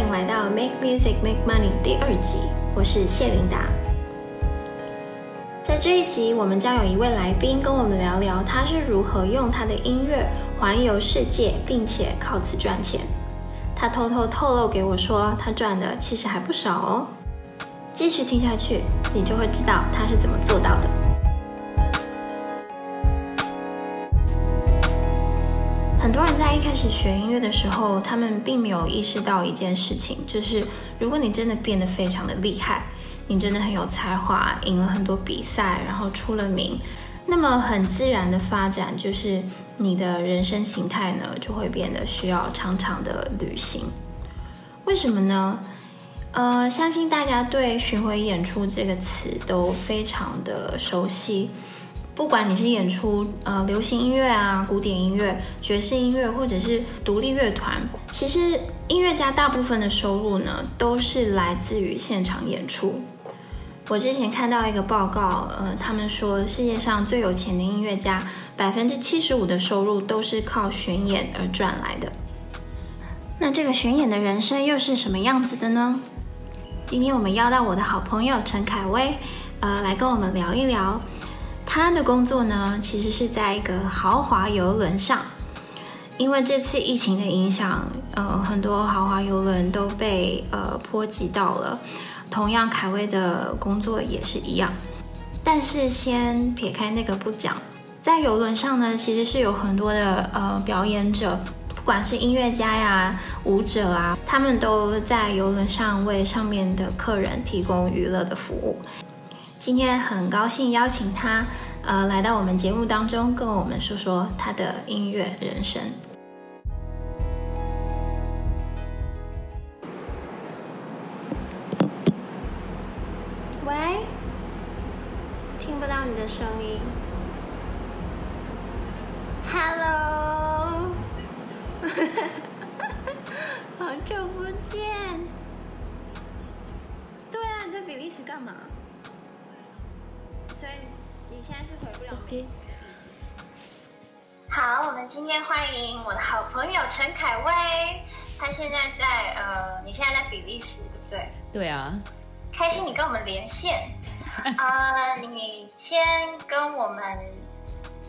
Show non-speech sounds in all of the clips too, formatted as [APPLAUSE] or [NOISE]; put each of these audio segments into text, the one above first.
歡迎來到《Make Music Make Money》第二集，我是謝琳達。在這一集，我們將有一位來賓跟我們聊聊她是如何用她的音樂環遊世界，並且靠此賺錢。她偷偷透露給我說，她賺的其實還不少哦。繼續聽下去，你就會知道她是怎麼做到的。很多人在一開始學音樂的時候，他們並沒有意識到一件事情，就是如果你真的變得非常的厲害，你真的很有才華，贏了很多比賽，然後出了名，那麼很自然的發展就是你的人生形態呢，就會變得需要長長的旅行。為什麼呢？呃，相信大家對“巡回演出”這個詞都非常的熟悉。不管你是演出呃流行音樂啊、古典音樂、爵士音樂，或者是獨立樂團，其實音樂家大部分的收入呢，都是來自於現場演出。我之前看到一個報告，呃，他們說世界上最有錢的音樂家，百分之七十五的收入都是靠巡演而賺來的。那這個巡演的人生又是什麼樣子的呢？今天我們邀到我的好朋友陳楷薇，呃，來跟我們聊一聊。他的工作呢，其實是在一個豪華郵輪上，因為這次疫情的影響，呃，很多豪華郵輪都被呃波及到了。同樣，楷薇的工作也是一樣。但是，先撇開那個不講，在郵輪上呢，其實是有很多的呃表演者，不管是音樂家呀、舞者啊，他們都在郵輪上為上面的客人提供娛樂的服務。今天很高興邀請他，呃，來到我們節目當中，跟我們說說他的音樂人生。喂，聽不到你的聲音。Hello， [LAUGHS] 好久不見。對啊，你在比利時幹嘛？所以，你現在是回不了、啊、Okay. 好，我們今天歡迎我的好朋友陳楷薇，他現在在呃，你現在在比利時，對對啊，開心你跟我們連線，呃， [LAUGHS] uh, 你先跟我們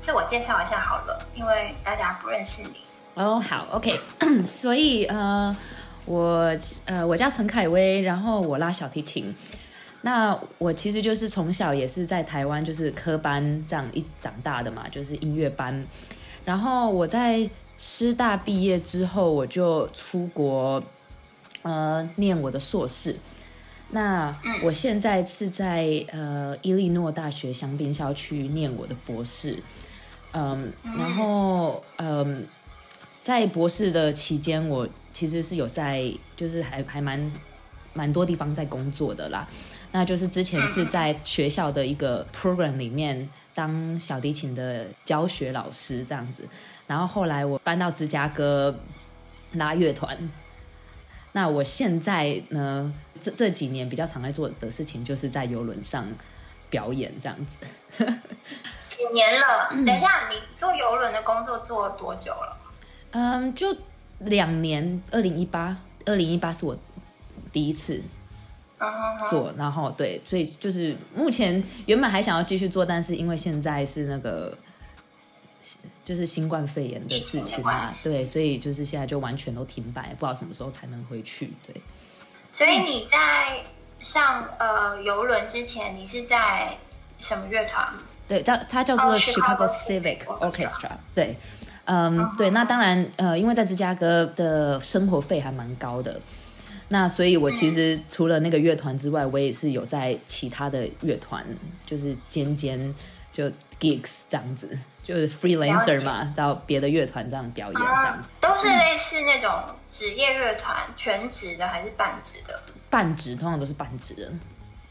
自我介紹一下好了，因為大家不認識你。哦，好，OK， [LAUGHS] 所以呃，我呃，我叫陳楷薇，然後我拉小提琴。那我其實就是從小也是在台灣，就是科班這樣一長大的嘛，就是音樂班。然後我在師大畢業之後，我就出國，呃，念我的碩士。那我現在是在呃伊利諾大學香檳校區念我的博士。嗯。然後嗯，在博士的期間，我其實是有在，就是還還蠻蠻多地方在工作的啦。那就是之前是在學校的一個 program 裡面當小提琴的教學老師這樣子，然後後來我搬到芝加哥拉樂團。那我現在呢這，這這幾年比較常在做的事情就是在遊輪上表演這樣子。幾年了？等一下，你做遊輪的工作做了多久了？嗯，就兩年，二零一八，二零一八是我第一次。Uh huh. 做，然後對，所以就是目前原本還想要繼續做，但是因為現在是那個就是新冠肺炎的事情嘛，uh huh. 對，所以就是現在就完全都停擺，不知道什麼時候才能回去。對，所以你在上、嗯、呃遊輪之前，你是在什麼樂團？對，叫它叫做、oh, Chicago, Chicago Civic Orchestra。Orchestra。對，嗯，uh huh. 對，那當然，呃，因為在芝加哥的生活費還蠻高的。那所以，我其實除了那個樂團之外，嗯、我也是有在其他的樂團，就是兼兼，就 gigs 這樣子，就是 freelancer 嘛，情到別的樂團這樣表演這樣子。子、啊。都是類似那種職業樂團，嗯、全職的還是半職的？半職通常都是半職的，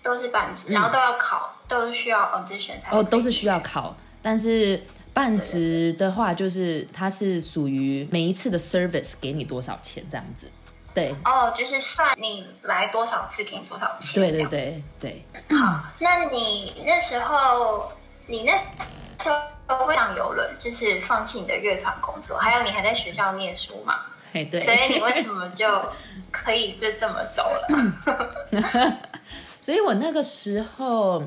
都是半職，然後都要考，嗯、都需要 audition 才。哦，都是需要考，但是半職的話，就是它是屬於每一次的 service 給你多少錢這樣子。對哦，oh, 就是算你來多少次，給你多少錢。對對對對。對好，那你那時候，你那時候會上郵輪，就是放棄你的樂團工作，還有你還在學校念書嘛？哎，hey, 對。所以你為什麼就可以就這麼走了？ [LAUGHS] [LAUGHS] 所以我那個時候，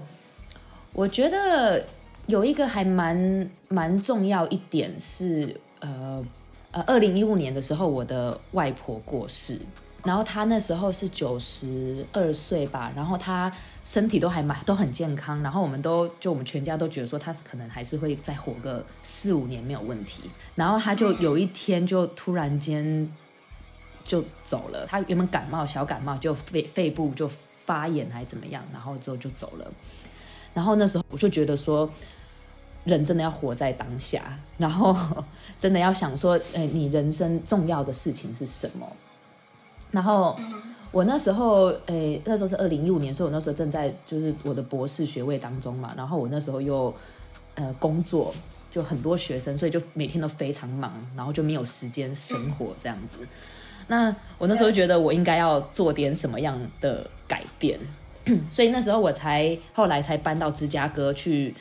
我覺得有一個還蠻蠻重要一點是呃。呃，二零一五年的時候，我的外婆過世，然後她那時候是九十二歲吧，然後她身體都還蠻都很健康，然後我們都就我們全家都覺得說她可能還是會再活個四五年沒有問題，然後她就有一天就突然間就走了，她原本感冒小感冒就肺肺部就發炎還是怎麼樣，然後之後就走了，然後那時候我就覺得說。人真的要活在當下，然後真的要想說，誒、欸，你人生重要的事情是什麼？然後我那時候，誒、欸，那時候是二零一五年，所以我那時候正在就是我的博士學位當中嘛。然後我那時候又，呃，工作就很多學生，所以就每天都非常忙，然後就沒有時間生活這樣子。那我那時候覺得我應該要做點什麼樣的改變， [COUGHS] 所以那時候我才後來才搬到芝加哥去。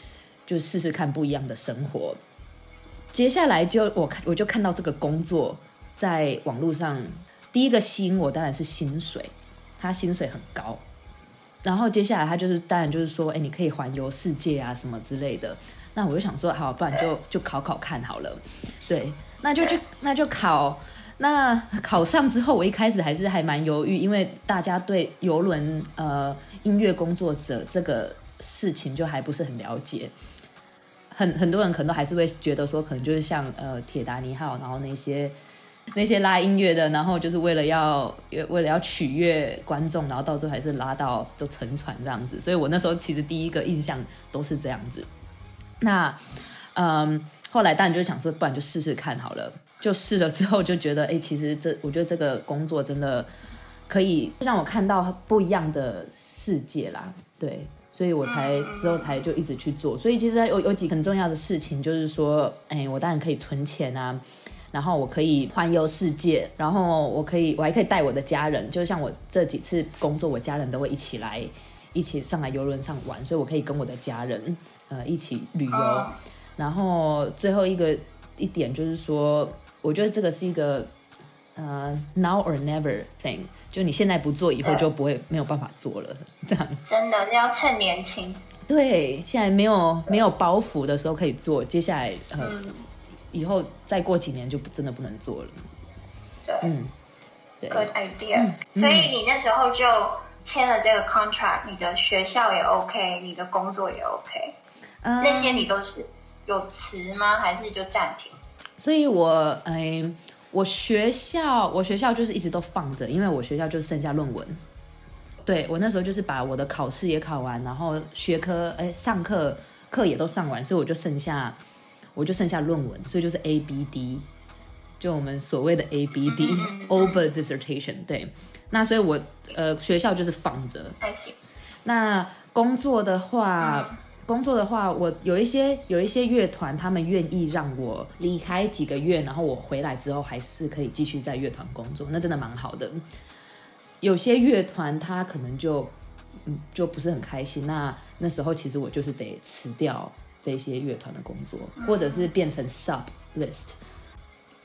就試試看不一樣的生活。接下來就我我，就看到這個工作在網絡上，第一個吸引我當然是薪水，他薪水很高。然後接下來他就是當然就是說，哎，你可以環遊世界啊什麼之類的。那我就想說，好，不然就就考考看好了。對，那就去那就考。那考上之後，我一開始還是還蠻猶豫，因為大家對郵輪呃音樂工作者這個事情就還不是很了解。很很多人可能都還是會覺得說，可能就是像呃鐵達尼號，然後那些那些拉音樂的，然後就是為了要為了要取悅觀眾，然後到最後還是拉到就沉船這樣子。所以我那時候其實第一個印象都是這樣子。那嗯，後來當然就想說，不然就試試看好了。就試了之後，就覺得欸，其實這我覺得這個工作真的可以讓我看到不一樣的世界啦，對。所以我才之後才就一直去做，所以其實有有幾很重要的事情，就是說，哎，我當然可以存錢啊，然後我可以環遊世界，然後我可以，我還可以帶我的家人，就像我這幾次工作，我家人都會一起來，一起上來郵輪上玩，所以我可以跟我的家人呃一起旅遊，啊、然後最後一個一點就是說，我覺得這個是一個。呃、uh，now or never thing，就你現在不做，以後就不會沒有辦法做了，這樣。真的你要趁年輕。對，現在沒有沒有包袱的時候可以做，接下來嗯、呃，以後再過幾年就不真的不能做了。對嗯對，Good idea 嗯。所以你那時候就簽了這個 contract，、嗯、你的學校也 OK，你的工作也 OK，、uh, 那些你都是有辭嗎，還是就暫停？所以我嗯。哎我學校，我學校就是一直都放着，因為我學校就剩下論文。對，我那時候就是把我的考試也考完，然後學科、欸、上課課也都上完，所以我就剩下，我就剩下論文，所以就是 ABD，就我們所謂的 ABD，over、mm hmm. dissertation。對，那所以我呃學校就是放着。Okay. 那工作的話。Mm hmm. 工作的話，我有一些有一些樂團，他們願意讓我離開幾個月，然後我回來之後還是可以繼續在樂團工作，那真的蠻好的。有些樂團他可能就、嗯、就不是很開心，那那時候其實我就是得辭掉這些樂團的工作，嗯、或者是變成 sub list，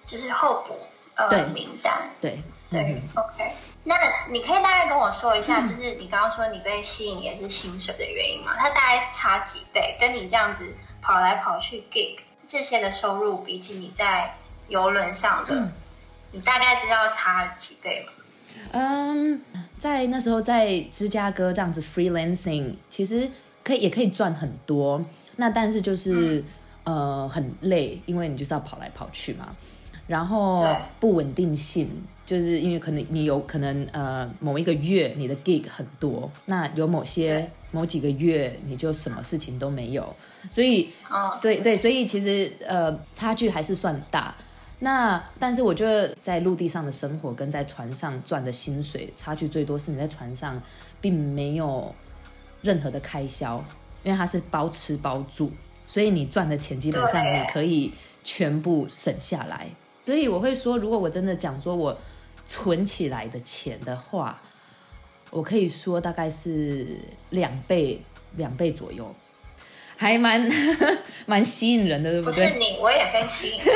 就是候補、呃、對，名單，對。對、嗯、OK，那你可以大概跟我說一下，嗯、就是你剛剛說你被吸引也是薪水的原因嘛？它大概差幾倍？跟你這樣子跑來跑去，gig 這些的收入，比起你在遊輪上的，嗯、你大概知道差幾倍嗎？嗯，um, 在那時候在芝加哥這樣子 freelancing，其實可以也可以賺很多，那但是就是、嗯、呃，很累，因為你就是要跑來跑去嘛。然後不穩定性，就是因為可能你有可能呃某一個月你的 gig 很多，那有某些某幾個月你就什麼事情都沒有，所以，所以對，對，所以其實呃差距還是算大。那但是我覺得在陸地上的生活跟在船上賺的薪水差距最多是你在船上並沒有任何的開銷，因為它是包吃包住，所以你賺的錢基本上你可以全部省下來。所以我會說，如果我真的講說我存起來的錢的話，我可以說大概是兩倍，兩倍左右，還蠻蠻吸引人的，對不對？不是你，我也很吸引。 [LAUGHS]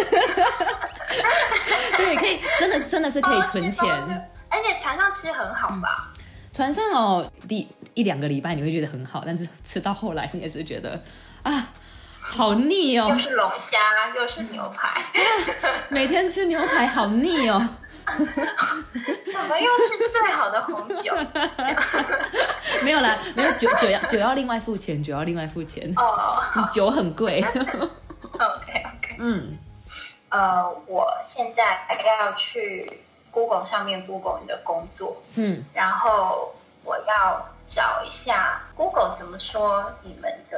對，可以，真的，真的是可以存錢。哦，而且船上吃很好吧？船上哦，第一兩個禮拜你會覺得很好，但是吃到後來你也是覺得啊。好膩哦！又是龍蝦啊，又是牛排， [LAUGHS] 每天吃牛排好膩哦。 [LAUGHS] 怎麼又是最好的紅酒？ [LAUGHS] [LAUGHS] 沒有啦，沒有酒，酒要酒要另外付錢，酒要另外付錢哦。Oh, oh, 酒很貴。 [LAUGHS] OK OK。嗯，呃，uh, 我現在還要去 Google 上面 Google 你的工作，嗯，然後我要找一下 Google 怎麼說你們的。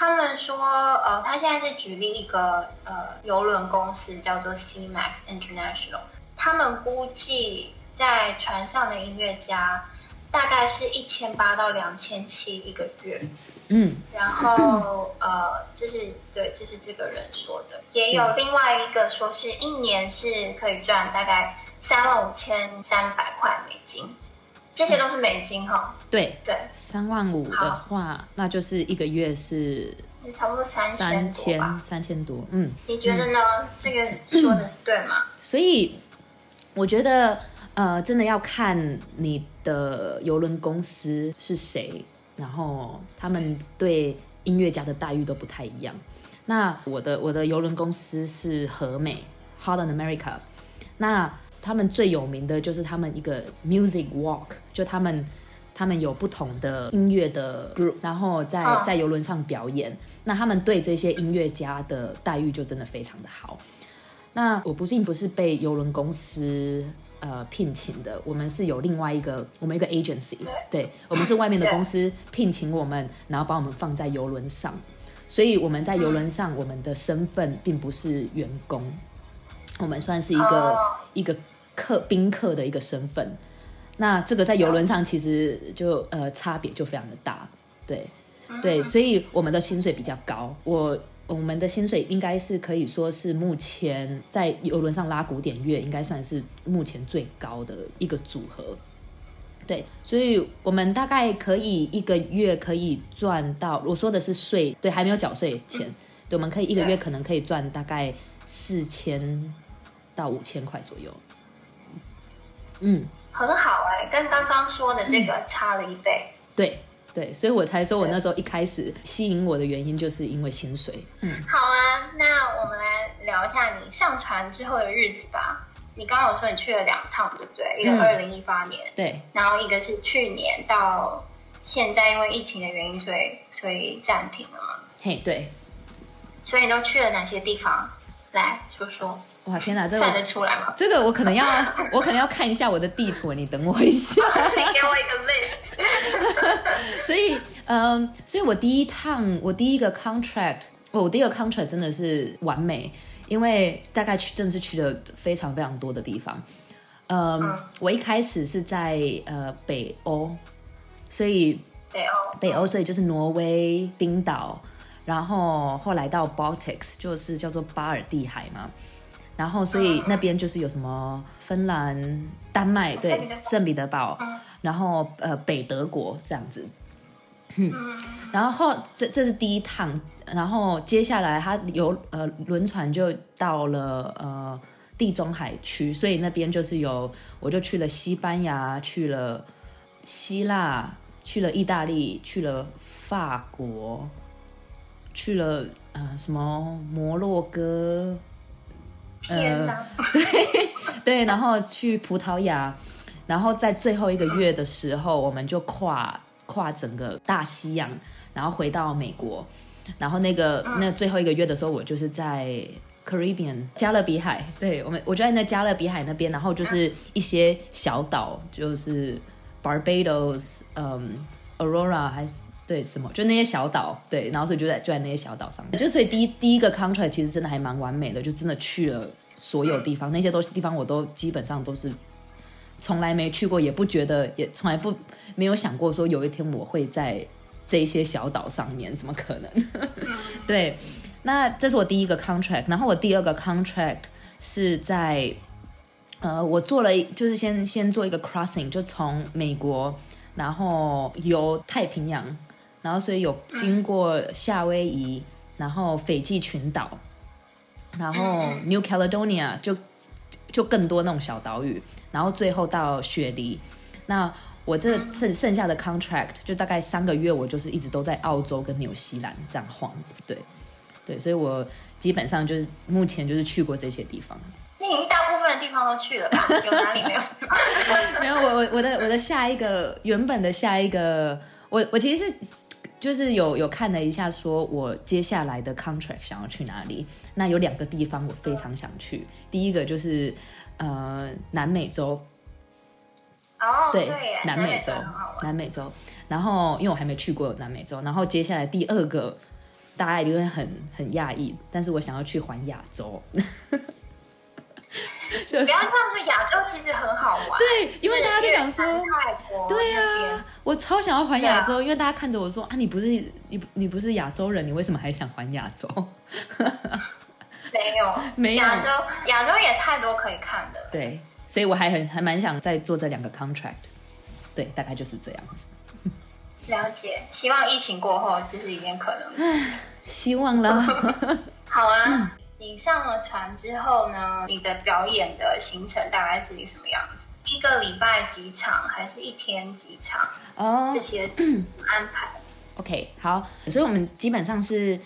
他們說，呃，他現在是舉例一個呃郵輪公司叫做 C Max International，他們估計在船上的音樂家大概是一千八到兩千七一個月，嗯，然後呃，這是對，這是這個人說的，也有另外一個說是一年是可以賺大概三萬五千三百塊美金。這些都是美金哈、哦，對對，對，三萬五的話，好那就是一個月是差不多三千三千三千多，嗯，你覺得呢？嗯、這個說的對嗎？所以我覺得，呃，真的要看你的遊輪公司是誰，然後他們對音樂家的待遇都不太一樣。那我的我的遊輪公司是荷美，Holland America，那他們最有名的就是他們一個 Music Walk，就他們他們有不同的音樂的 group，然後在在遊輪上表演。那他們對這些音樂家的待遇就真的非常的好。那我不並不是被遊輪公司呃聘請的，我們是有另外一個，我們一個 agency，對，我們是外面的公司聘請我們，然後把我們放在遊輪上。所以我們在遊輪上，我們的身份並不是員工，我們算是一個一個。客賓客的一個身份，那這個在郵輪上其實就呃差別就非常的大，對對，所以我們的薪水比較高，我我們的薪水應該是可以說是目前在郵輪上拉古典樂應該算是目前最高的一個組合，對，所以我們大概可以一個月可以賺到，我說的是稅，對，還沒有繳稅前，對，我們可以一個月可能可以賺大概四千到五千塊左右。嗯，很好哎、欸，跟剛剛說的這個差了一倍。嗯、對對，所以我才說我那時候一開始吸引我的原因，就是因為薪水。嗯，好啊，那我們來聊一下你上船之後的日子吧。你剛剛有說你去了兩趟，對不對？一個二零一八年、嗯，對，然後一個是去年到現在，因為疫情的原因，所以所以暫停了嘛。嘿，對。所以你都去了哪些地方？來說說。哇，天哪，這個出來這個我可能要我可能要看一下我的地圖，你等我一下。你給我一個 list。所以嗯，所以我第一趟我第一個 contract，、哦、我第一個 contract 真的是完美，因為大概真的是去，正式去的非常非常多的地方。嗯，嗯，我一開始是在呃北歐，所以北歐北歐，北歐哦、所以就是挪威、冰島，然後後來到 Baltics，就是叫做巴爾蒂海嘛。然後，所以那邊就是有什麼芬蘭、丹麥，對，聖彼得堡，然後呃北德國這樣子。然後這這是第一趟，然後接下來他有呃輪船就到了呃地中海區，所以那邊就是有，我就去了西班牙，去了希臘，去了意大利，去了法國，去了呃什麼摩洛哥。呃，天哪 [LAUGHS] 對對，然後去葡萄牙，然後在最後一個月的時候，我們就跨跨整個大西洋，然後回到美國，然後那個那最後一個月的時候，我就是在 Caribbean 加勒比海，對，我們，我就在那加勒比海那邊，然後就是一些小島，就是 Barbados，嗯，um，Aurora 還是。對，什麼？就那些小島，對，然後所以就在就在那些小島上面，就所以第一第一個 contract 其實真的還蠻完美的，就真的去了所有地方，那些都地方我都基本上都是從來沒去過，也不覺得，也從來不沒有想過說有一天我會在這些小島上面，怎麼可能？ [LAUGHS] 對，那這是我第一個 contract，然後我第二個 contract 是在呃，我做了就是先先做一個 crossing，就從美國，然後由太平洋。然後，所以有經過夏威夷，嗯，然後斐濟群島，然後 New Caledonia 就就更多那種小島嶼，然後最後到雪梨。那我這剩剩下的 contract 就大概三個月，我就是一直都在澳洲跟紐西蘭這樣晃，對，對，所以我基本上就是目前就是去過這些地方。那你已經大部分的地方都去了吧，有哪裡沒有？ [LAUGHS] [LAUGHS] 沒有，我我我的我的下一個原本的下一個，我我其實是。就是有有看了一下，說我接下來的 contract 想要去哪裡？那有兩個地方我非常想去，第一個就是呃南美洲。哦，對，南美洲，南美洲。然後因為我還沒去過南美洲，然後接下來第二個，大家一定會很很訝異，但是我想要去環亞洲。 [LAUGHS] 就是、不要看，說亞洲其實很好玩。對，是因為大家就想說，國對呀、啊，邊我超想要環亞洲，啊、因為大家看着我說啊，你不是你你不是亞洲人，你為什麼還想環亞洲？ [LAUGHS] 沒有，沒有，亞洲亞洲也太多可以看的。對，所以我還很還蠻想再做這兩個 contract。對，大概就是這樣子。 [LAUGHS] 了解，希望疫情過後就是一點可能。 [LAUGHS] 希望了啦。 [LAUGHS] 好啊。你上了船之後呢？你的表演的行程大概是什麼樣子？一個禮拜幾場，還是一天幾場？哦，oh, 這些安排。OK，好，所以我們基本上是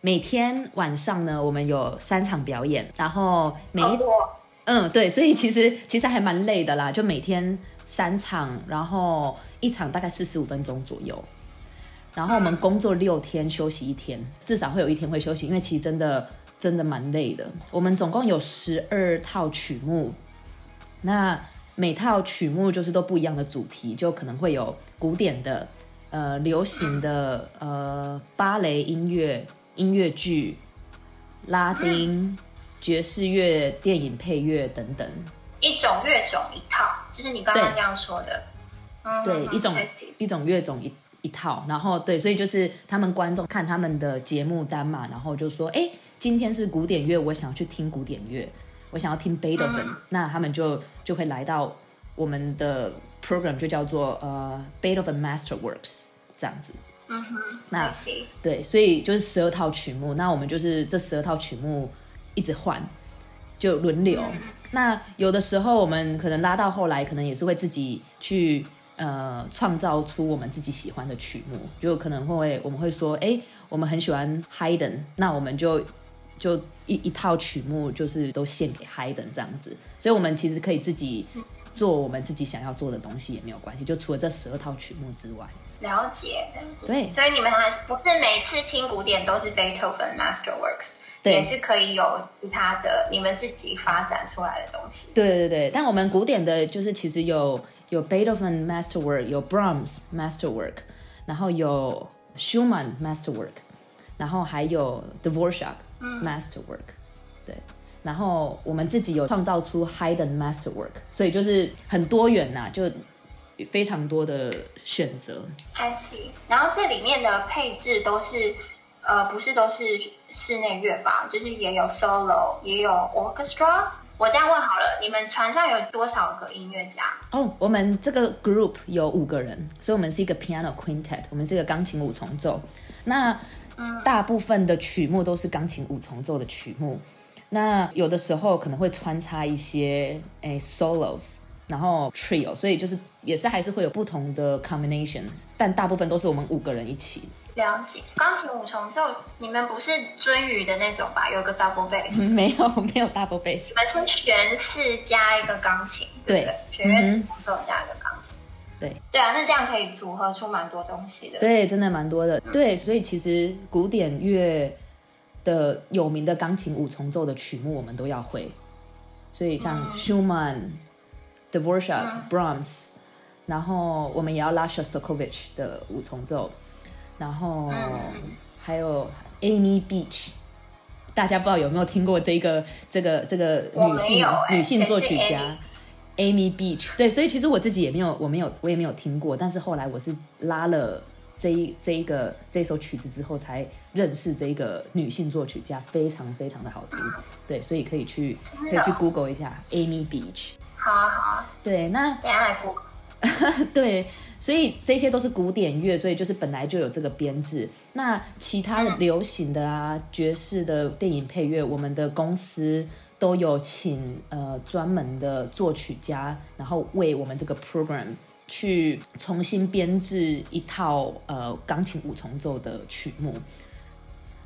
每天晚上呢，我們有三場表演，然後每一、oh, wow. 嗯，對，所以其實其實還蠻累的啦，就每天三場，然後一場大概四十五分鐘左右，然後我們工作六天，嗯、休息一天，至少會有一天會休息，因為其實真的。真的蠻累的。我們總共有十二套曲目，那每套曲目就是都不一樣的主題，就可能會有古典的、呃流行的、嗯、呃芭蕾音樂、音樂劇、拉丁、嗯、爵士樂、電影配樂等等。一種樂種一套，就是你剛剛這樣說的。對，一種惜一種樂種一一套，然後對，所以就是他們觀眾看他們的節目單嘛，然後就說哎。誒今天是古典樂，我想要去聽古典樂，我想要聽貝多芬，huh. 那他們就就會來到我們的 program，就叫做呃 uh, 貝多芬 Masterworks 這樣子。嗯哼、uh，huh. 那 Okay. 對，所以就是十二套曲目，那我們就是這十二套曲目一直換，就輪流。Uh huh. 那有的時候我們可能拉到後來，可能也是會自己去呃、uh, 創造出我們自己喜歡的曲目，就可能會我們會說，哎，我們很喜歡 Haydn，那我們就。就一一套曲目就是都獻給 Haydn 這樣子，所以我們其實可以自己做我們自己想要做的東西也沒有關係。就除了這十二套曲目之外，了解。了解，對，所以你們還不是每次聽古典都是 Beethoven Masterworks？對也是可以有其他的你們自己發展出來的東西。對對對，但我們古典的就是其實有有 Beethoven Masterwork，有 Brahms Masterwork，然後有 Schumann Masterwork，然後還有 Dvořák 嗯、Masterwork，對，然後我們自己有創造出 Hidden Masterwork，所以就是很多元吶、啊，就非常多的選擇。I see。然後這裡面的配置都是，呃，不是都是室內樂吧？就是也有 Solo，也有 Orchestra。我這樣問好了，你們船上有多少個音樂家？哦，oh, 我們這個 Group 有五個人，所以我們是一個 Piano Quintet，我們是一個鋼琴五重奏。那嗯、大部分的曲目都是鋼琴五重奏的曲目，那有的時候可能會穿插一些誒 solos，然後 trio，所以就是也是還是會有不同的 combinations，但大部分都是我們五個人一起。了解，鋼琴五重奏你們不是鱒魚的那種吧？有個 double bass？、嗯、沒有，沒有 double bass，你們是全是加一個鋼琴，對,對,對，全是四重奏加一個鋼琴。對，對啊，那這樣可以組合出蠻多東西的。對，真的蠻多的。嗯、對，所以其實古典樂的有名的鋼琴五重奏的曲目，我們都要會。所以像 Schumann、嗯、Dvorak、嗯、Brahms，然後我們也要拉肖斯科維奇的五重奏，然後還有 Amy Beach。大家不知道有沒有聽過這個這個這個女性、欸、女性作曲家？Amy Beach，對，所以其實我自己也沒有，我沒有，我也沒有聽過，但是後來我是拉了這一這一個這一首曲子之後，才認識這一個女性作曲家，非常非常的好聽，對，所以可以去可以去 Google 一下 Amy Beach，好啊好啊，好啊對。那再來鼓， [LAUGHS] 對，所以這些都是古典樂，所以就是本來就有這個編制，那其他的流行的啊、嗯、爵士的電影配樂，我們的公司，都有請呃專門的作曲家，然後為我們這個 program 去重新編制一套呃鋼琴五重奏的曲目，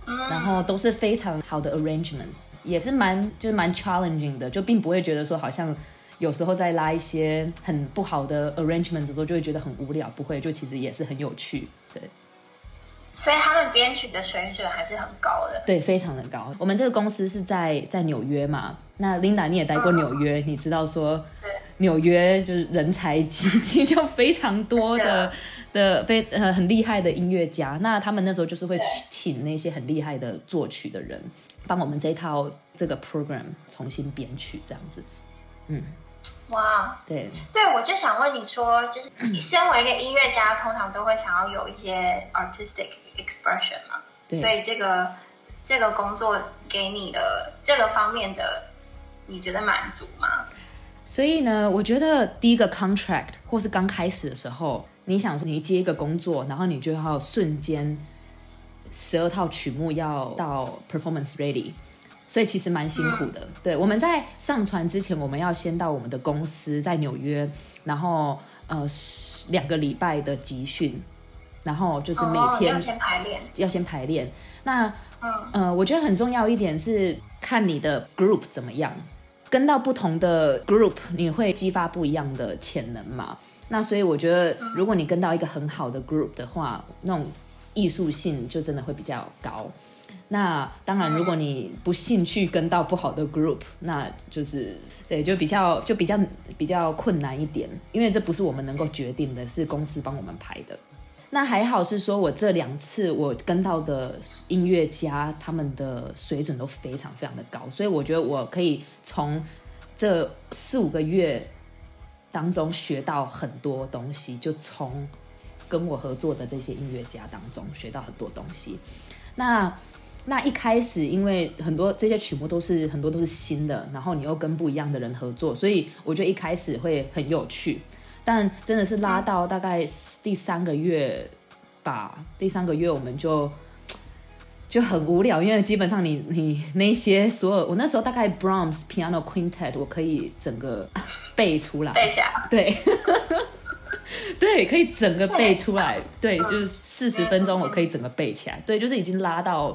然後都是非常好的 arrangement，也是蠻就是蠻 challenging 的，就並不會覺得說好像有時候在拉一些很不好的 arrangement 的時候就會覺得很無聊，不會，就其實也是很有趣，對。所以他們編曲的水準還是很高的，對，非常的高。我們這個公司是在在紐約嘛？那 Linda 你也待過紐約，嗯、你知道說，紐約就是人才濟濟，就非常多的、啊、的非呃很厲害的音樂家。那他們那時候就是會請那些很厲害的作曲的人幫我們這套這個 program 重新編曲，這樣子，嗯。哇，wow，對，對我就想問你說，就是你身為一個音樂家， [COUGHS] 通常都會想要有一些 artistic expression 嘛，對，所以這個這個工作給你的這個方面的，你覺得滿足嗎？所以呢，我覺得第一個 contract 或是剛開始的時候，你想說你接一個工作，然後你就要瞬間十二套曲目要到 performance ready。所以其實蠻辛苦的。嗯、對，我們在上船之前，我們要先到我們的公司在紐約，然後呃兩個禮拜的集訓，然後就是每天要先排練。哦、要先排練。那呃，我覺得很重要一點是看你的 group 怎麼樣，跟到不同的 group，你會激發不一樣的潛能嘛。那所以我覺得，如果你跟到一個很好的 group 的話，那種藝術性就真的會比較高。那當然，如果你不幸去跟到不好的 group，那就是對，就比較就比較比較困難一點，因為這不是我們能夠決定的，是公司幫我們排的。那還好是說我這兩次我跟到的音樂家他們的水準都非常非常的高，所以我覺得我可以從這四五個月當中學到很多東西，就從跟我合作的這些音樂家當中學到很多東西。那那一開始，因為很多這些曲目都是很多都是新的，然後你又跟不一樣的人合作，所以我覺得一開始會很有趣。但真的是拉到大概第三個月吧，第三個月我們就就很無聊，因為基本上你你那些所有，我那時候大概 Brahms Piano Quintet 我可以整個背出來，背下，對， [LAUGHS] 對，可以整個背出來，對，就是四十分鐘我可以整個背起來，對，就是已經拉到。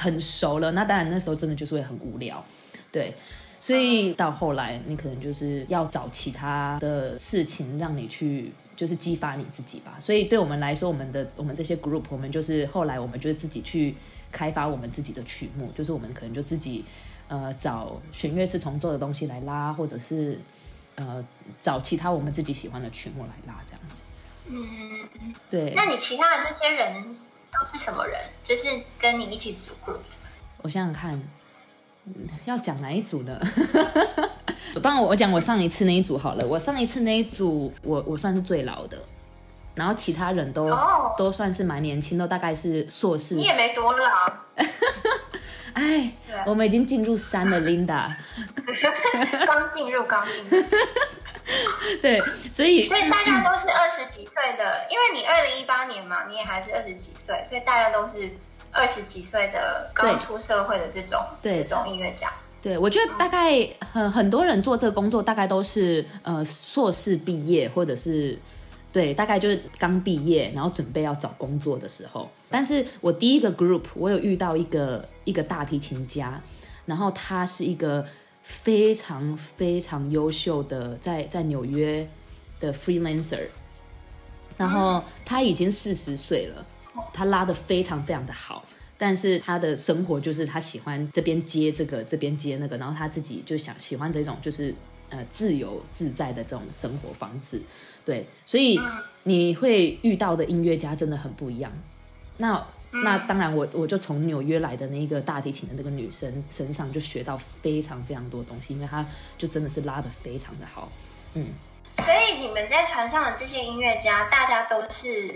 很熟了，那當然那時候真的就是會很無聊，對，所以到後來你可能就是要找其他的事情讓你去，就是激發你自己吧。所以對我們來說，我們的我們這些 group，我們就是後來我們就是自己去開發我們自己的曲目，就是我們可能就自己呃找弦樂四重奏的東西來拉，或者是呃找其他我們自己喜歡的曲目來拉，這樣子。嗯，對。那你其他的這些人？都是什麼人？就是跟你一起組的。我想想看，要講哪一組呢？ [LAUGHS] 我幫我講我上一次那一組好了。我上一次那一組，我我算是最老的，然後其他人都、哦、都算是蠻年輕，都大概是碩士。你也沒多老。哎 [LAUGHS] 唉，對我們已經進入三了 [LAUGHS] ，Linda。 [LAUGHS] [LAUGHS] 剛進入，剛進入。 [LAUGHS] 對，所以所以大家都是二十幾歲的， [COUGHS] 因為你二零一八年嘛，你也還是二十幾歲，所以大家都是二十幾歲的剛出社會的這種對這種音樂家。對，我覺得大概很很多人做這個工作，大概都是呃碩士畢業，或者是對，大概就是剛畢業，然後準備要找工作的時候。但是我第一個 group，我有遇到一個一個大提琴家，然後他是一個。非常非常優秀的在，在在紐約的 freelancer，然後他已經四十歲了，他拉得非常非常的好，但是他的生活就是他喜歡這邊接這個，這邊接那個，然後他自己就想喜歡這種就是呃自由自在的這種生活方式，對，所以你會遇到的音樂家真的很不一樣。那。那當然我，我我就從紐約來的那個大提琴的那個女生身上就學到非常非常多東西，因為她就真的是拉得非常的好。嗯，所以你們在船上的這些音樂家，大家都是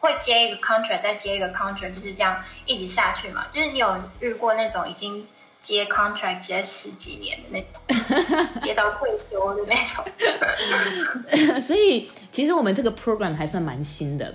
會接一個 contract，再接一個 contract，就是這樣一直下去嘛？就是你有遇過那種已經接 contract 接十幾年的那種， [LAUGHS] 接到退休的那種？ [LAUGHS] [LAUGHS] 所以其實我們這個 program 還算蠻新的。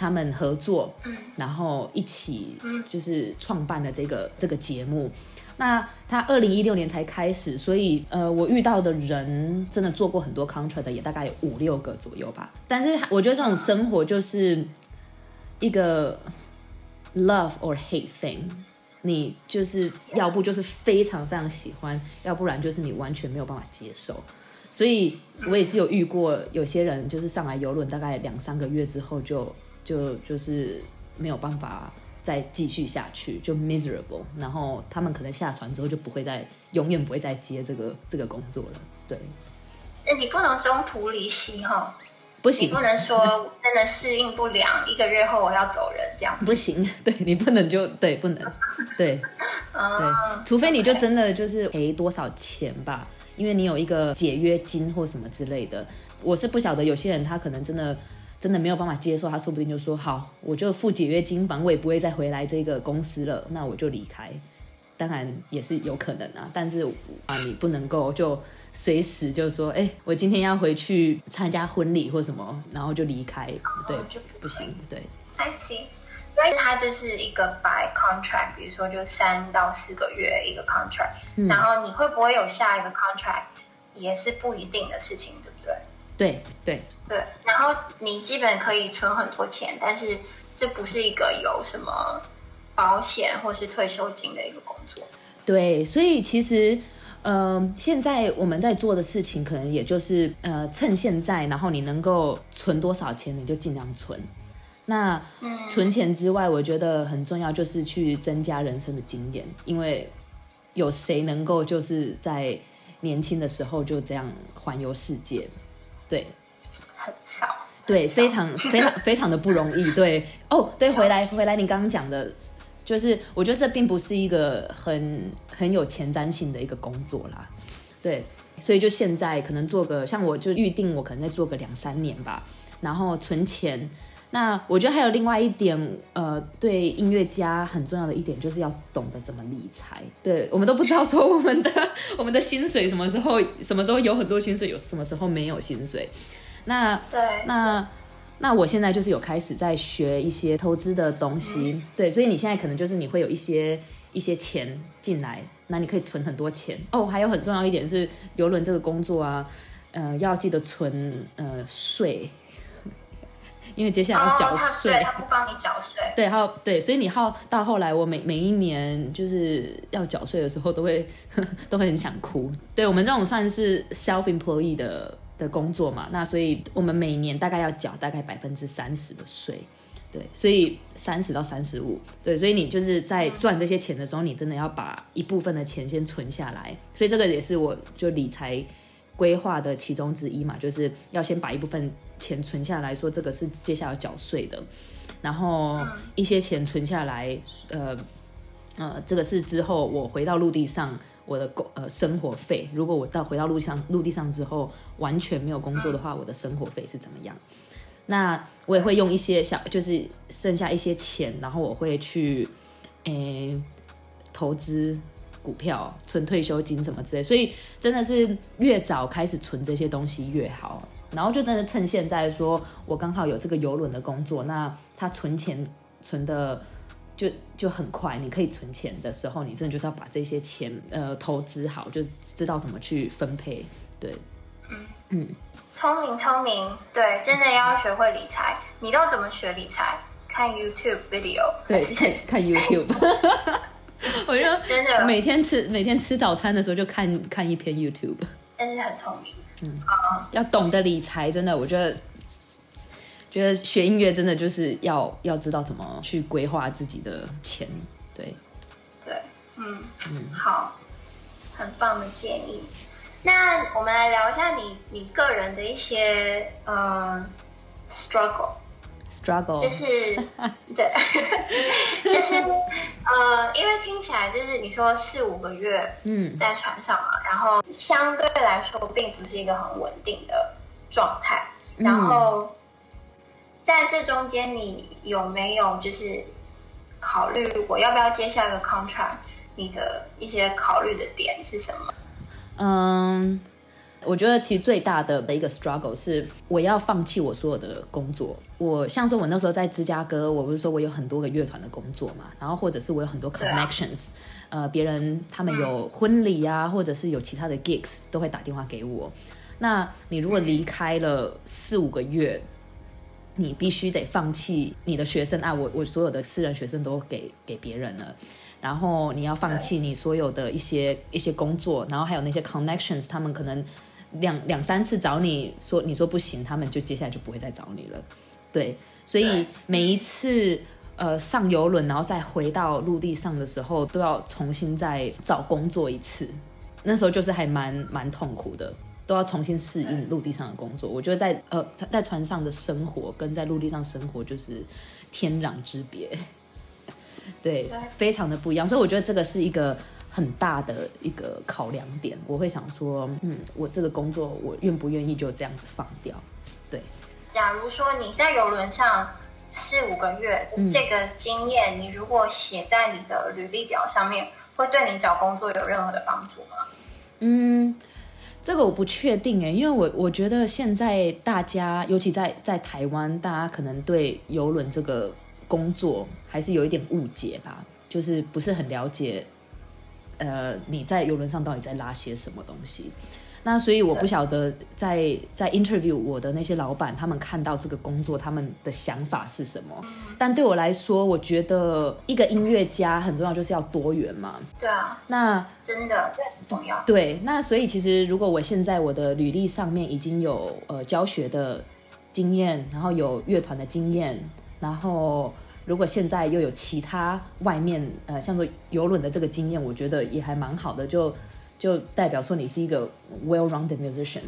他們合作，然後一起就是創辦的這個這個節目。那他二零一六年才開始，所以呃，我遇到的人真的做過很多 contract 的，也大概有五六個左右吧。但是我覺得這種生活就是一個 love or hate thing，你就是要不就是非常非常喜歡，要不然就是你完全沒有辦法接受。所以我也是有遇過有些人就是上來郵輪，大概兩三個月之後就。就就是沒有辦法再繼續下去，就 miserable，然後他們可能下船之後就不會再，永遠不會再接這個這個工作了。對，哎、欸，你不能中途離席哈，不行，你不能說真的適應不良， [LAUGHS] 一個月後我要走人這樣，不行，對你不能就對不能， [LAUGHS] 對，對，除非你就真的就是賠多少錢吧，Okay. 因為你有一個解約金或什麼之類的，我是不曉得有些人他可能真的。真的沒有辦法接受，他說不定就說好，我就付解約金吧，我也不會再回來這個公司了，那我就離開。當然也是有可能啊，但是啊，你不能夠就隨時就說，哎，我今天要回去參加婚禮或什麼，然後就離開，對，不行，對。I see，因為它就是一個 by contract，比如說就三到四個月一個 contract，然後你會不會有下一個 contract，也是不一定的事情的。對對對對，然後你基本可以存很多錢，但是這不是一個有什麼保險或是退休金的一個工作。對，所以其實，嗯，呃，現在我們在做的事情，可能也就是，呃，趁現在，然後你能夠存多少錢，你就盡量存。那存錢之外，嗯，我覺得很重要就是去增加人生的經驗，因為有誰能夠就是在年輕的時候就這樣環遊世界？對很，很少。對，非常非常非常的不容易，對，哦，對，回來回來，你剛剛講的，就是我覺得這並不是一個很很有前瞻性的一個工作啦，對，所以就現在可能做個，像我就預定我可能再做個兩三年吧，然後存錢。那我覺得還有另外一點，呃，對音樂家很重要的一點就是要懂得怎麼理財。對，我們都不知道說我們的 [LAUGHS] [LAUGHS] 我們的薪水什麼時候什麼時候有很多薪水，有什麼時候沒有薪水。那對那是那我現在就是有開始在學一些投資的東西。嗯、對，所以你現在可能就是你會有一些一些錢進來，那你可以存很多錢哦。還有很重要一點是郵輪這個工作啊，呃，要記得存呃稅。因為接下來要繳稅，oh, 對，他不幫你繳稅，對，耗，對，所以你耗到後來，我每每一年就是要繳稅的時候，都會呵都很想哭。對我們這種算是 self employee 的的工作嘛，那所以我們每年大概要繳大概百分之三十的稅，對，所以三十到三十五，對，所以你就是在賺這些錢的時候，嗯、你真的要把一部分的錢先存下來，所以這個也是我就理財。規劃的其中之一嘛，就是要先把一部分錢存下來，說這個是接下來繳稅的，然後一些錢存下來，呃呃，這個是之後我回到陸地上我的工，呃生活費。如果我到回到陸上陸地上之後完全沒有工作的話，我的生活費是怎麼樣？那我也會用一些小，就是剩下一些錢，然後我會去誒投資。股票、存退休金什麼之類的，所以真的是越早開始存這些東西越好。然後就真的趁現在說，說我剛好有這個郵輪的工作，那他存錢存的就就很快。你可以存錢的時候，你真的就是要把這些錢呃投資好，就知道怎麼去分配。對，嗯嗯，聰明聰明，對，真的要學會理財。你都怎麼學理財？看 YouTube video？對，看 YouTube。看 YouTube [LAUGHS] 我就每天吃真的每天吃早餐的時候就看看一篇 YouTube。但是很聰明，嗯，uh, 要懂得理財，真的，我覺得，覺得學音樂真的就是要要知道怎麼去規劃自己的錢，對，對，嗯嗯，好，很棒的建議。那我們來聊一下你你個人的一些呃 struggle。呃 Str Struggle 就是對， [LAUGHS] 就是呃，因為聽起來就是你說四五個月，嗯，在船上、啊，嘛、嗯，然後相對來說並不是一個很穩定的狀態，嗯，然後在這中間你有沒有就是考慮過要不要接下一個 contract？你的一些考慮的點是什麼？嗯、um。我覺得其實最大的的一個 struggle 是我要放棄我所有的工作。我像說，我那時候在芝加哥，我不是說我有很多個樂團的工作嘛，然後或者是我有很多 connections，呃，別人他們有婚禮啊，或者是有其他的 gigs，都會打電話給我。那你如果離開了四五個月，你必須得放棄你的學生啊，我我所有的私人學生都給給別人了，然後你要放棄你所有的一些一些工作，然後還有那些 connections，他們可能。兩兩三次找你說，你說不行，他們就接下來就不會再找你了，對，所以每一次對呃上郵輪，然後再回到陸地上的時候，都要重新再找工作一次。那時候就是還蠻蠻痛苦的，都要重新適應陸地上的工作。對我覺得在呃在船上的生活跟在陸地上生活就是天壤之別，對，非常的不一樣。所以我覺得這個是一個。很大的一個考量點，我會想說，嗯，我這個工作我願不願意就這樣子放掉？對。假如說你在郵輪上四五個月，嗯、這個經驗，你如果寫在你的履歷表上面，會對你找工作有任何的幫助嗎？嗯，這個我不確定誒，因為我我覺得現在大家，尤其在在台灣，大家可能對郵輪這個工作還是有一點誤解吧，就是不是很了解。呃，你在郵輪上到底在拉些什麼東西？那所以我不曉得在對在，在在 interview 我的那些老闆，他們看到這個工作，他們的想法是什麼？嗯。但對我來說，我覺得一個音樂家很重要，就是要多元嘛。對啊，那真的很重要。對，那所以其實如果我現在我的履歷上面已經有呃教學的經驗，然後有樂團的經驗，然後。如果現在又有其他外面呃，像做郵輪的這個經驗，我覺得也還蠻好的，就就代表說你是一個 well-rounded musician，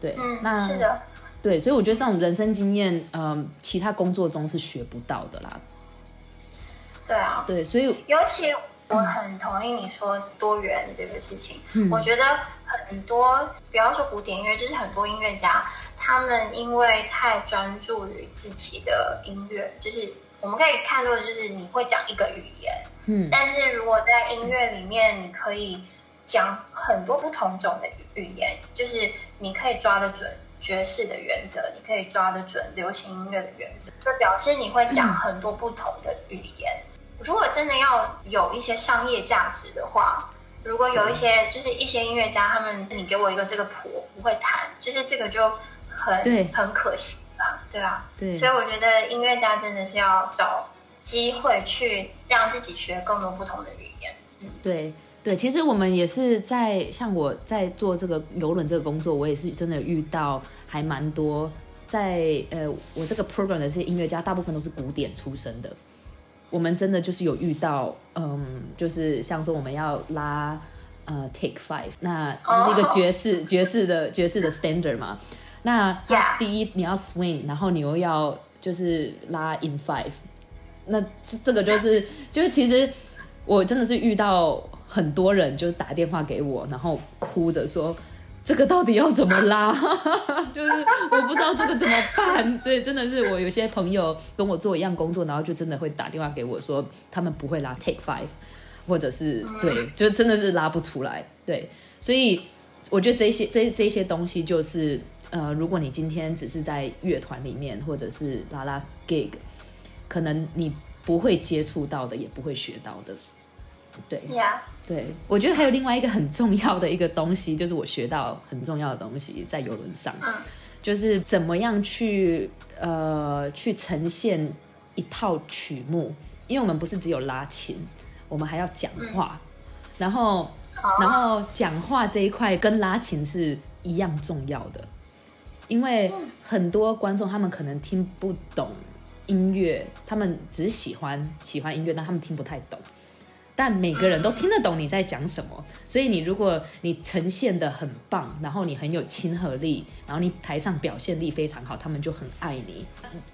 對，嗯、那是的，對，所以我覺得這種人生經驗，嗯、呃，其他工作中是學不到的啦。對啊，對，所以尤其我很同意你說多元的這個事情，嗯、我覺得很多，不要說古典音樂，就是很多音樂家，他們因為太專注於自己的音樂，就是。我們可以看到，就是你會講一個語言，嗯，但是如果在音樂裡面，你可以講很多不同種的語言，就是你可以抓得準爵士的原則，你可以抓得準流行音樂的原則，就表示你會講很多不同的語言。嗯、如果真的要有一些商業價值的話，如果有一些、嗯、就是一些音樂家，他們你給我一個這個譜，我不會彈，就是這個就很對很可惜。對啊，對吧，對，所以我覺得音樂家真的是要找機會去讓自己學更多不同的語言。對，對，對，其實我們也是在像我在做這個郵輪這個工作，我也是真的遇到還蠻多，在呃，我這個 program 的這些音樂家，大部分都是古典出身的。我們真的就是有遇到，嗯，就是像說我們要拉呃 take five，那這是一個爵士、oh. 爵士的爵士的 standard 嘛。 [LAUGHS] 那、啊、第一，你要 swing，然後你又要就是拉 in five，那這個就是就是其實我真的是遇到很多人，就打電話給我，然後哭着說這個到底要怎麼拉， [LAUGHS] 就是我不知道這個怎麼辦。對，真的是我有些朋友跟我做一樣工作，然後就真的會打電話給我說他們不會拉 take five，或者是對，就真的是拉不出來。對，所以我覺得這些這這些東西就是。呃，如果你今天只是在樂團裡面，或者是拉拉 gig，可能你不會接觸到的，也不會學到的。對，Yeah. 對，我覺得還有另外一個很重要的一個東西，就是我學到很重要的東西在郵輪上，就是怎麼樣去呃去呈現一套曲目，因為我們不是只有拉琴，我們還要講話，嗯、然後然後講話這一塊跟拉琴是一樣重要的。因為很多觀眾他們可能聽不懂音樂，他們只喜歡喜歡音樂，但他們聽不太懂。但每個人都聽得懂你在講什麼，所以你如果你呈現得很棒，然後你很有親和力，然後你台上表現力非常好，他們就很愛你。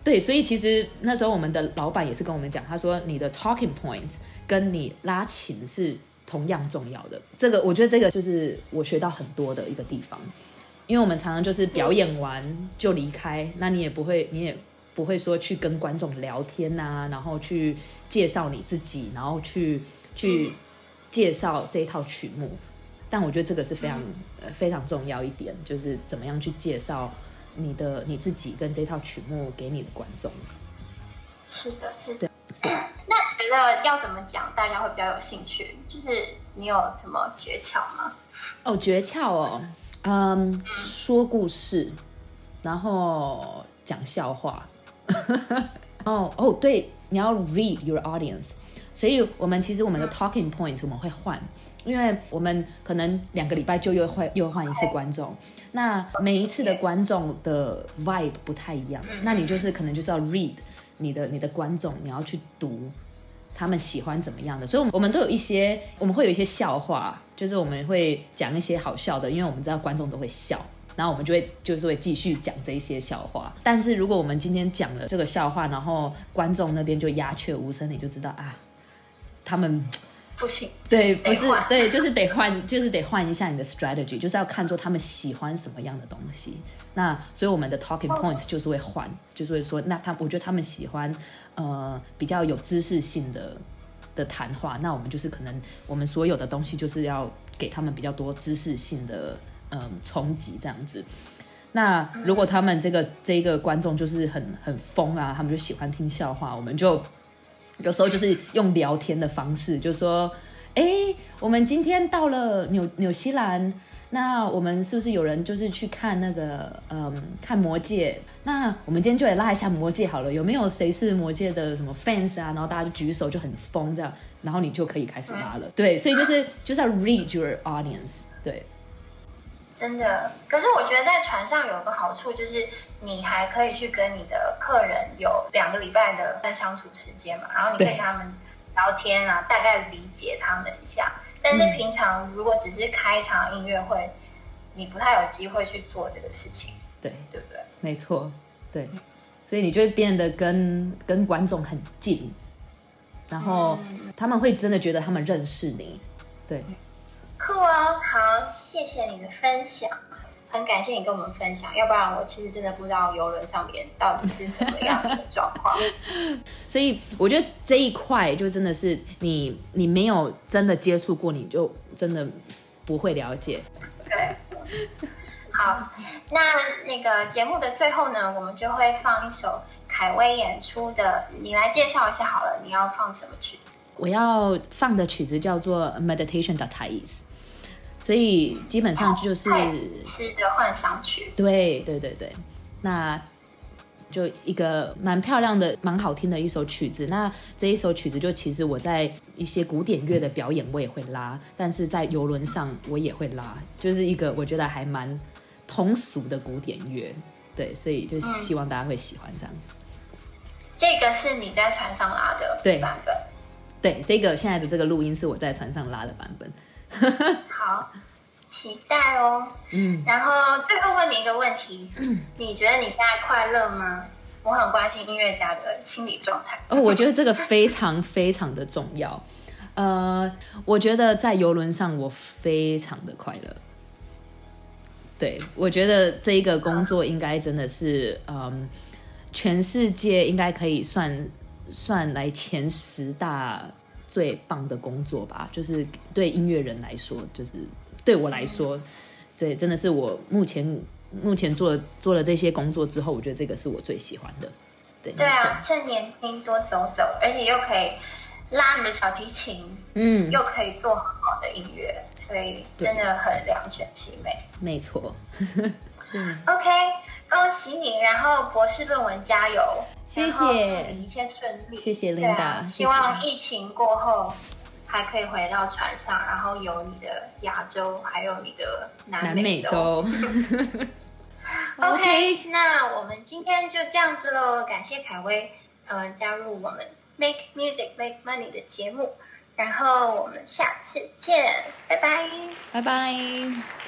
對，所以其實那時候我們的老板也是跟我們講，他說你的 talking points 跟你拉琴是同樣重要的。這個我覺得這個就是我學到很多的一個地方。因為我們常常就是表演完就離開，嗯、那你也不會，你也不會說去跟觀眾聊天啊，然後去介紹你自己，然後去去介紹這一套曲目。但我覺得這個是非常、嗯呃、非常重要一點，就是怎麼樣去介紹你的你自己跟這套曲目給你的觀眾。是的，是的，是的、嗯。那覺得要怎麼講，大家會比較有興趣？就是你有什麼訣竅嗎？哦，訣竅哦。嗯，um, 說故事，然後講笑話。哦哦，對，你要 read your audience。所以我們其實我們的 talking points 我們會換，因為我們可能兩個禮拜就又換又換一次觀眾。那每一次的觀眾的 vibe 不太一樣，那你就是可能就是要 read 你的你的觀眾，你要去讀。他們喜歡怎麼樣的，所以我們我們都有一些，我們會有一些笑話，就是我們會講一些好笑的，因為我們知道觀眾都會笑，然後我們就會就是會繼續講這一些笑話。但是如果我們今天講了這個笑話，然後觀眾那邊就鴉雀無聲，你就知道啊，他們不行，對，不是，得換，對，就是得換，就是得換一下你的 strategy，就是要看出他們喜歡什麼樣的東西。那所以我們的 talking points 就是會換，就是會說，那他我覺得他們喜歡，呃，比較有知識性的的談話。那我們就是可能，我們所有的東西就是要給他們比較多知識性的，嗯、呃，衝擊這樣子。那如果他們這個這一個觀眾就是很很瘋啊，他們就喜歡聽笑話，我們就有時候就是用聊天的方式，就說，哎，我們今天到了紐紐西蘭。那我們是不是有人就是去看那個，嗯，看《魔戒》？那我們今天就來拉一下《魔戒》好了。有沒有誰是《魔戒》的什麼 fans 啊？然後大家就舉手，就很瘋這樣，然後你就可以開始拉了。嗯、對，所以就是、啊、就是要 read your audience、嗯。對，真的。可是我覺得在船上有一個好處就是，你還可以去跟你的客人有兩個禮拜的相處時間嘛，然後你可以跟他們聊天啊，對大概理解他們一下。但是平常如果只是開一場音樂會，你不太有機會去做這個事情，對對不對？沒錯，對，所以你就會變得跟跟觀眾很近，然後他們會真的覺得他們認識你，對。酷哦，好，謝謝你的分享。很感謝你跟我們分享，要不然我其實真的不知道遊輪上面到底是什麼樣的狀況。 [LAUGHS] 所以我覺得這一塊就真的是你，你沒有真的接觸過，你就真的不會了解。對，okay. 好，那那個節目的最後呢，我們就會放一首楷薇演出的，你來介紹一下好了，你要放什麼曲子？我要放的曲子叫做《Meditation》的 Thaïs 所以基本上就是是一個幻想曲。對對對對，那就一個蠻漂亮的，蠻好聽的一首曲子。那這一首曲子，就其實我在一些古典樂的表演我也會拉，但是在游輪上我也會拉，就是一個我覺得還蠻通俗的古典樂。對，所以就是希望大家會喜歡這樣子，嗯。這個是你在船上拉的對版本對？對，這個現在的這個錄音是我在船上拉的版本。 [LAUGHS] 好，期待哦。嗯，然後最後問你一個問題，你覺得你現在快樂嗎？ [COUGHS] 我很關心音樂家的心理狀態。哦 [LAUGHS] ，oh, 我覺得這個非常非常的重要。呃、uh，我覺得在遊輪上我非常的快樂。對，我覺得這一個工作應該真的是，oh. 嗯，全世界應該可以算算來前十大。最棒的工作吧，就是對音樂人來說，就是對我來說，嗯、對，真的是我目前目前做做了這些工作之後，我覺得這個是我最喜歡的。對對啊，錯趁年輕多走走，而且又可以拉你的小提琴，嗯，又可以做很好的音樂，所以真的很兩全其美。沒錯，嗯 [LAUGHS] 嗎，OK。恭喜你！然後博士論文加油，謝謝，一切順利，謝謝琳達。啊、希望疫情過後還可以回到船上，謝謝，然後有你的亞洲，還有你的南美洲。OK，那我們今天就這樣子嘍。感謝楷薇、呃，加入我們 Make Music Make Money 的節目，然後我們下次見，拜拜，拜拜。